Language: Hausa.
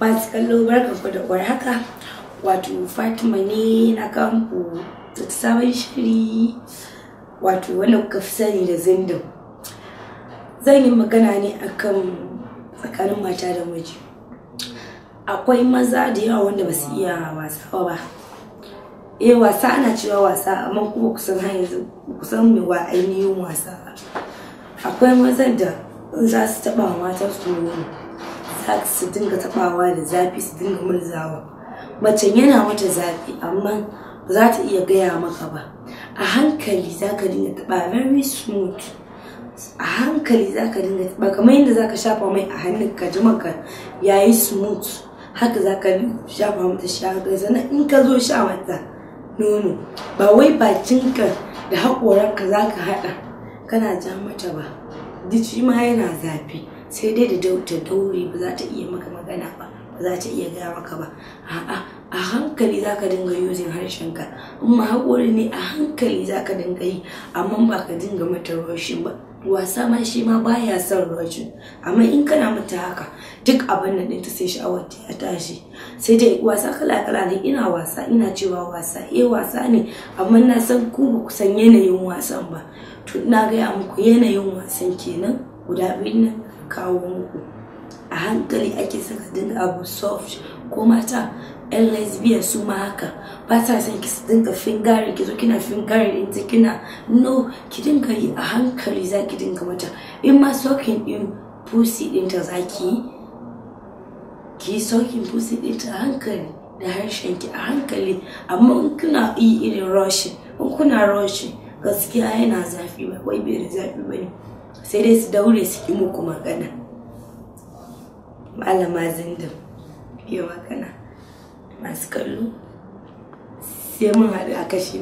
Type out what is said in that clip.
masu kallo barkanku da war haka wato fatima ne na kanku da sabon shiri wato wannan kuka fi sani da zindin zan yi magana ne akan tsakanin mata da miji akwai maza da yawa wanda ba su iya wasa ba eh wasa ana cewa wasa amma kuma kusan har yanzu kusan mai wa ainihin wasa akwai maza da za su taba matan su sax su dinga tabawa da zafi su dinga murzawa macen yana mata zafi amma ba za ta iya gaya maka ba a hankali za ka dinga taba very smooth a hankali za ka dinga taba kamar yadda za ka shafa mai a hannun ka ji maka yayi smooth haka za ka shafa mata shi haka sannan in ka zo sha mata nono ba wai ka da ka za ka haɗa kana ja mata ba duk shi ma yana zafi sai dai da ta daure ba za ta iya maka magana ba ba za ta iya gaya maka ba a'a a hankali za ka dinga yuzin harshenka in ma haƙori ne a hankali za ka dinga yi amma ba ka dinga mata roshin ba wasa ma shi ma baya son roshin amma in kana mata haka duk abin nan ɗinta sai sha'awar ta ya tashi sai dai wasa kala kala ne ina wasa ina cewa wasa eh wasa ne amma na san ku ba ku san yanayin wasan ba to na gaya muku yanayin wasan kenan guda biyu na kawo muku a hankali ake saka dinga abu soft ko mata yan lesbian su ma haka ba sa son ki dinga fingari ki zo kina fingari din ta kina no ki dinga yi a hankali za ki dinga mata in ma sokin din pussy din ta za ki yi ki yi sokin pussy din a hankali da harshen ki a hankali amma in kuna yi irin rushin in kuna rushin gaskiya yana zafi ba wai bai da zafi ba ne sai dai su daure su ki muku magana malama zindin yi magana masu kallo sai mun haɗu a kashi